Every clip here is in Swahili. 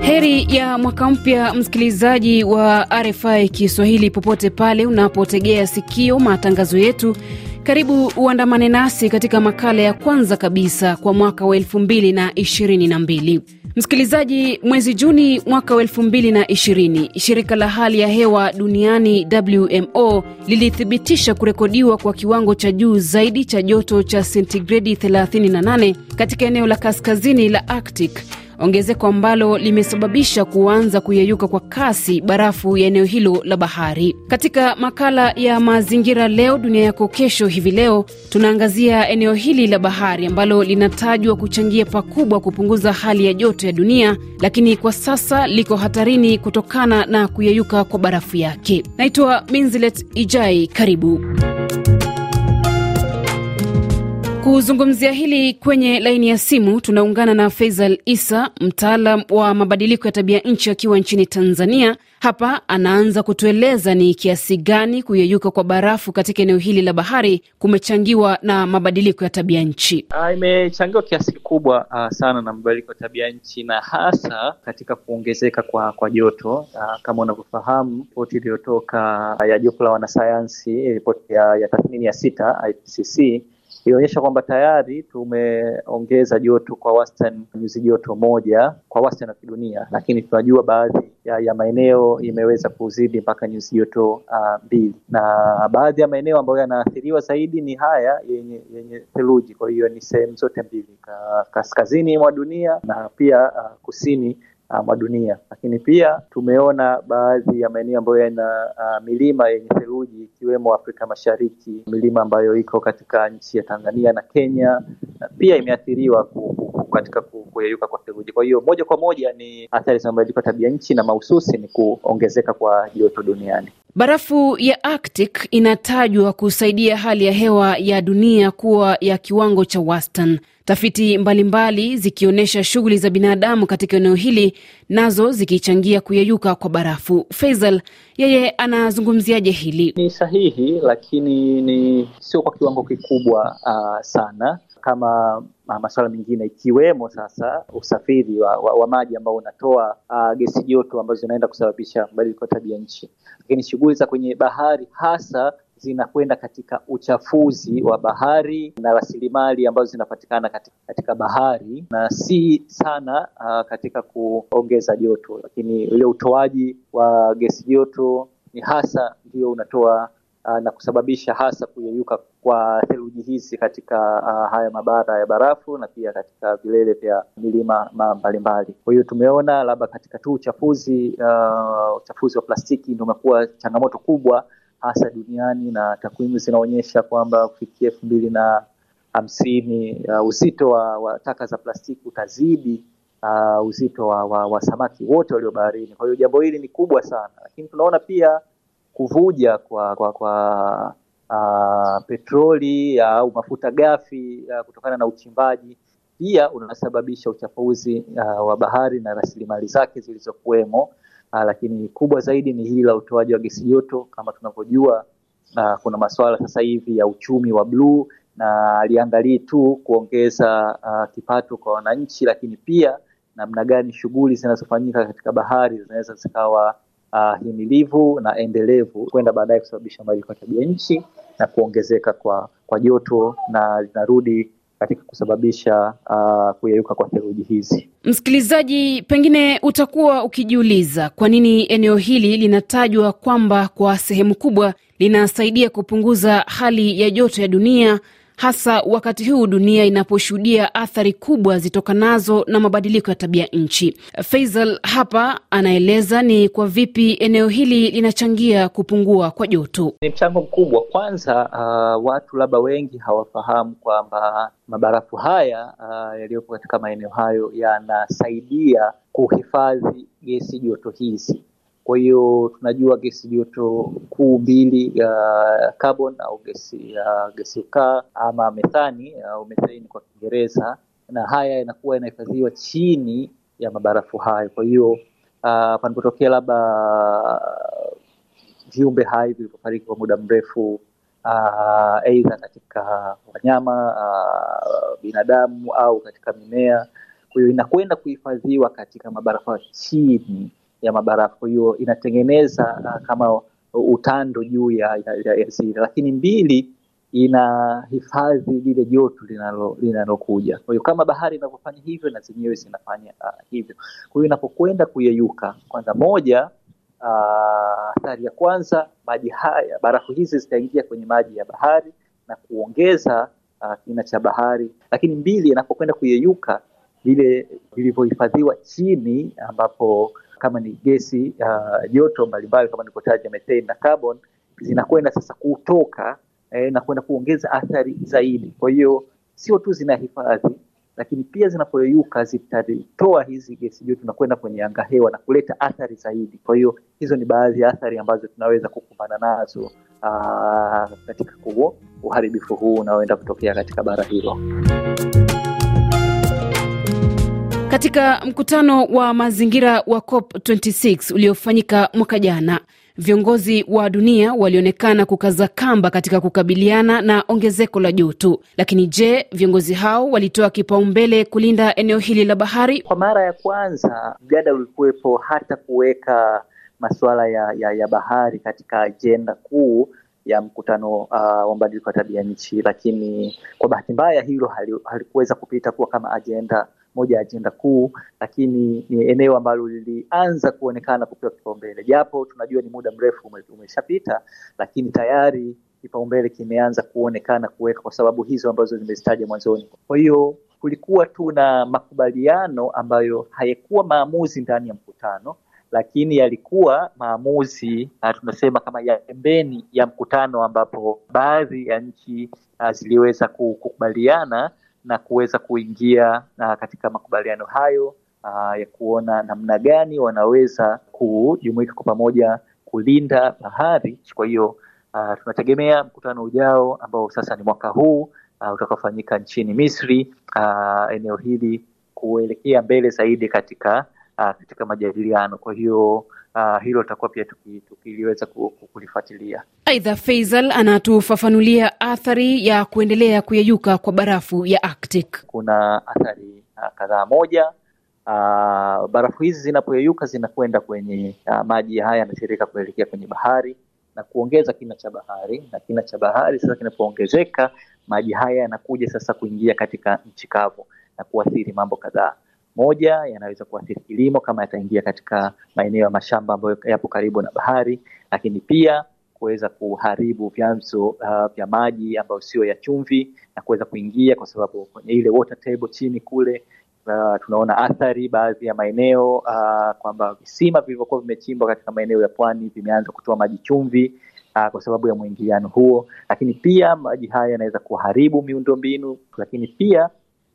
Heri ya mwaka mpya, msikilizaji wa RFI Kiswahili, popote pale unapotegea sikio matangazo yetu karibu uandamane nasi katika makala ya kwanza kabisa kwa mwaka wa 222 Msikilizaji, mwezi Juni mwaka wa 2020, shirika la hali ya hewa duniani WMO lilithibitisha kurekodiwa kwa kiwango cha juu zaidi cha joto cha sentigredi 38 katika eneo la kaskazini la Arctic ongezeko ambalo limesababisha kuanza kuyeyuka kwa kasi barafu ya eneo hilo la bahari. Katika makala ya Mazingira Leo Dunia Yako Kesho hivi leo tunaangazia eneo hili la bahari ambalo linatajwa kuchangia pakubwa kupunguza hali ya joto ya dunia, lakini kwa sasa liko hatarini kutokana na kuyeyuka kwa barafu yake. Naitwa Minzilet Ijai, karibu. Kuzungumzia hili kwenye laini ya simu tunaungana na Faisal isa mtaalam wa mabadiliko ya tabia nchi akiwa nchini Tanzania. Hapa anaanza kutueleza ni kiasi gani kuyeyuka kwa barafu katika eneo hili la bahari kumechangiwa na mabadiliko ya tabia nchi. Ah, imechangiwa kiasi kikubwa uh, sana na mabadiliko ya tabia nchi na hasa katika kuongezeka kwa kwa joto. Uh, kama unavyofahamu ripoti iliyotoka ya jopo la wanasayansi, ripoti ya, ya tathmini ya sita IPCC ikionyesha kwamba tayari tumeongeza joto kwa wastani nyuzi joto moja kwa wastani wa kidunia, lakini tunajua baadhi ya, ya maeneo imeweza kuzidi mpaka nyuzi joto uh, mbili, na baadhi ya maeneo ambayo yanaathiriwa zaidi ni haya yenye yenye theluji. Kwa hiyo ni sehemu zote mbili, kaskazini mwa dunia na pia uh, kusini uh, mwa dunia, lakini pia tumeona baadhi ya maeneo ambayo yana uh, milima yenye theluji ikiwemo Afrika Mashariki, milima ambayo iko katika nchi ya Tanzania na Kenya na pia imeathiriwa ku, ku, katika kuyeyuka kwa theluji. Kwa hiyo moja kwa moja ni athari za mabadiliko ya tabia nchi na mahususi ni kuongezeka kwa joto duniani. Barafu ya Arctic inatajwa kusaidia hali ya hewa ya dunia kuwa ya kiwango cha wastan Tafiti mbalimbali zikionyesha shughuli za binadamu katika eneo hili nazo zikichangia kuyeyuka kwa barafu. Faisal yeye anazungumziaje hili? Ni sahihi, lakini ni sio kwa kiwango kikubwa uh, sana kama ah, masuala mengine ikiwemo sasa usafiri wa, wa, wa maji ambao unatoa uh, gesi joto ambazo zinaenda kusababisha mabadiliko ya tabia nchi, lakini shughuli za kwenye bahari hasa zinakwenda katika uchafuzi wa bahari na rasilimali ambazo zinapatikana katika, katika bahari na si sana uh, katika kuongeza joto, lakini ule utoaji wa gesi joto ni hasa ndio unatoa uh, na kusababisha hasa kuyeyuka kwa theluji hizi katika uh, haya mabara ya barafu na pia katika vilele vya milima mbalimbali. Kwa hiyo tumeona labda katika tu uchafuzi uh, uchafuzi wa plastiki ndio umekuwa changamoto kubwa hasa duniani, na takwimu zinaonyesha kwamba kufikia elfu mbili na hamsini uh, uzito wa, wa taka za plastiki utazidi uh, uzito wa, wa, wa samaki wote walio baharini. Kwa hiyo jambo hili ni kubwa sana, lakini tunaona pia kuvuja kwa kwa, kwa uh, petroli au uh, mafuta ghafi uh, kutokana na uchimbaji pia unasababisha uchafuzi uh, wa bahari na rasilimali zake zilizokuwemo uh, lakini kubwa zaidi ni hili la utoaji wa gesi joto. Kama tunavyojua uh, kuna masuala sasa hivi ya uchumi wa bluu na aliangalii tu kuongeza uh, kipato kwa wananchi, lakini pia namna gani shughuli zinazofanyika katika bahari zinaweza zikawa uh, himilivu na endelevu kwenda baadaye kusababisha mabadiliko ya tabia nchi na kuongezeka kwa kwa joto na linarudi katika kusababisha uh, kuyeyuka kwa theluji hizi. Msikilizaji, pengine utakuwa ukijiuliza kwa nini eneo hili linatajwa kwamba kwa sehemu kubwa linasaidia kupunguza hali ya joto ya dunia hasa wakati huu dunia inaposhuhudia athari kubwa zitokanazo na mabadiliko ya tabia nchi. Faisal hapa anaeleza ni kwa vipi eneo hili linachangia kupungua kwa joto. Ni mchango mkubwa. Kwanza uh, watu labda wengi hawafahamu kwamba mabarafu haya uh, yaliyopo katika maeneo hayo yanasaidia kuhifadhi gesi joto hizi kwa hiyo tunajua gesi joto kuu mbili ya carbon au gesi ya gesi ukaa ama methani au methane kwa Kiingereza, na haya yanakuwa yanahifadhiwa chini ya mabarafu hayo. Kwa hiyo uh, panapotokea labda viumbe hai vilivyofariki kwa muda mrefu uh, katika wanyama uh, binadamu au katika mimea, kwa hiyo inakwenda kuhifadhiwa katika mabarafu chini ya mabarafu. hiyo inatengeneza uh, kama utando juu ya, ya, ya lakini mbili inahifadhi lile joto linalokuja. Kwa hiyo kama bahari inavyofanya hivyo, na zenyewe zinafanya uh, hivyo. Kwa hiyo inapokwenda kuyeyuka, kwanza moja uh, athari uh, ya kwanza maji haya, barafu hizi zitaingia kwenye maji ya bahari na kuongeza uh, kina cha bahari, lakini mbili, inapokwenda kuyeyuka vile vilivyohifadhiwa chini ambapo kama ni gesi ah, joto uh, mbalimbali kama nilivyotaja methane na carbon zinakwenda sasa kutoka eh, na kwenda kuongeza athari zaidi. Kwa hiyo sio tu zinahifadhi, lakini pia zinapoyeyuka zitatoa hizi gesi joto na kwenda kwenye anga hewa na kuleta athari zaidi. Kwa hiyo hizo ni baadhi ya athari ambazo tunaweza kukumbana nazo uh, katika kuo uharibifu huu unaoenda kutokea katika bara hilo. Katika mkutano wa mazingira wa COP 26 uliofanyika mwaka jana, viongozi wa dunia walionekana kukaza kamba katika kukabiliana na ongezeko la joto. Lakini je, viongozi hao walitoa kipaumbele kulinda eneo hili la bahari? Kwa mara ya kwanza mjadala ulikuwepo hata kuweka masuala ya, ya, ya bahari katika ajenda kuu ya mkutano uh, wa mabadiliko ya tabia nchi, lakini kwa bahati mbaya hilo halikuweza kupita kuwa kama ajenda moja ya ajenda kuu, lakini ni eneo ambalo lilianza kuonekana kupewa kipaumbele, japo tunajua ni muda mrefu umeshapita, lakini tayari kipaumbele kimeanza kuonekana kuweka kwa sababu hizo ambazo zimezitaja mwanzoni. Kwa hiyo kulikuwa tu na makubaliano ambayo hayakuwa maamuzi ndani ya mkutano, lakini yalikuwa maamuzi ah, tunasema kama ya pembeni ya mkutano, ambapo baadhi ya nchi ah, ziliweza kukubaliana na kuweza kuingia uh, katika makubaliano hayo uh, ya kuona namna gani wanaweza kujumuika kwa pamoja kulinda bahari. Kwa hiyo uh, tunategemea mkutano ujao ambao sasa ni mwaka huu uh, utakaofanyika nchini Misri uh, eneo hili kuelekea mbele zaidi katika uh, katika majadiliano. Kwa hiyo uh, hilo litakuwa pia tukiliweza tuki kulifuatilia. Aidha, Faisal anatufafanulia athari ya kuendelea kuyeyuka kwa barafu ya Arctic. Kuna athari uh, kadhaa. Moja, uh, barafu hizi zinapoyeyuka zinakwenda kwenye uh, maji haya yanatiririka kuelekea kwenye bahari na kuongeza kina cha bahari, na kina cha bahari sasa kinapoongezeka, maji haya yanakuja sasa kuingia katika nchi kavu na kuathiri mambo kadhaa moja yanaweza kuathiri kilimo kama yataingia katika maeneo ya mashamba ambayo yapo karibu na bahari, lakini pia kuweza kuharibu vyanzo uh, vya maji ambayo sio ya chumvi na kuweza kuingia kwa sababu kwenye ile water table chini kule uh, tunaona athari baadhi ya maeneo uh, kwamba visima vilivyokuwa vimechimbwa katika maeneo ya pwani vimeanza kutoa maji chumvi uh, kwa sababu ya mwingiliano huo, lakini pia maji haya yanaweza kuharibu miundombinu, lakini pia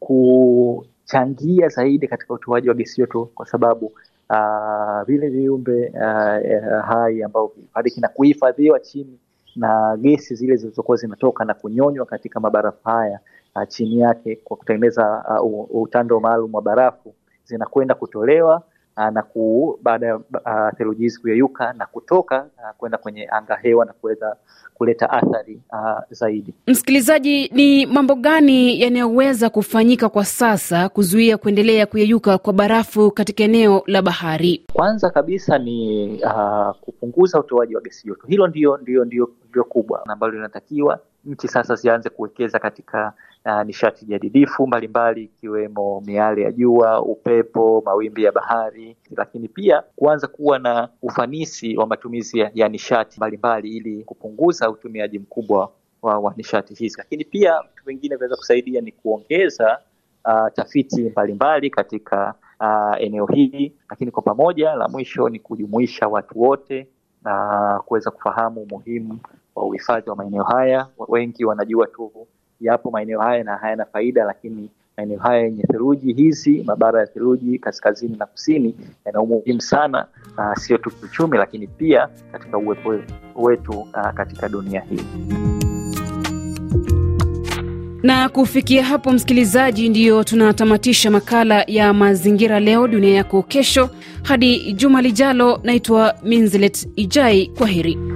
ku changia zaidi katika utoaji wa gesi joto, kwa sababu ah, vile viumbe uh, hai ambao vilikubaliki na kuhifadhiwa chini na gesi zile zilizokuwa zinatoka na kunyonywa katika mabarafu haya uh, chini yake kwa kutengeneza uh, utando maalum wa barafu zinakwenda kutolewa Ah, na ku, baada ya ah, theluji hizi kuyeyuka na kutoka ah, kwenda kwenye anga hewa na kuweza kuleta athari uh, zaidi. Msikilizaji, ni mambo gani yanayoweza kufanyika kwa sasa kuzuia kuendelea kuyeyuka kwa barafu katika eneo la bahari? Kwanza kabisa ni uh, kupunguza utoaji wa gesi joto. Hilo ndio, ndio, ndio, ndio kubwa ambalo linatakiwa nchi sasa zianze kuwekeza katika uh, nishati jadidifu mbalimbali ikiwemo miale ya jua, upepo, mawimbi ya bahari, lakini pia kuanza kuwa na ufanisi wa matumizi ya, nishati mbalimbali ili kupunguza utumiaji mkubwa wa, wa nishati hizi. Lakini pia vitu vingine vinaweza kusaidia ni kuongeza uh, tafiti mbalimbali katika uh, eneo hili, lakini kwa pamoja, la mwisho ni kujumuisha watu wote na kuweza kufahamu umuhimu wa uhifadhi wa maeneo haya. Wengi wanajua tu yapo maeneo haya na hayana faida, lakini maeneo haya yenye theluji hizi, mabara ya theluji kaskazini na kusini, yana umuhimu sana, sio tu kiuchumi, lakini pia katika uwepo wetu katika dunia hii. Na kufikia hapo, msikilizaji, ndiyo tunatamatisha makala ya mazingira leo dunia yako kesho. Hadi juma lijalo, naitwa Minzlet Ijai. Kwa heri.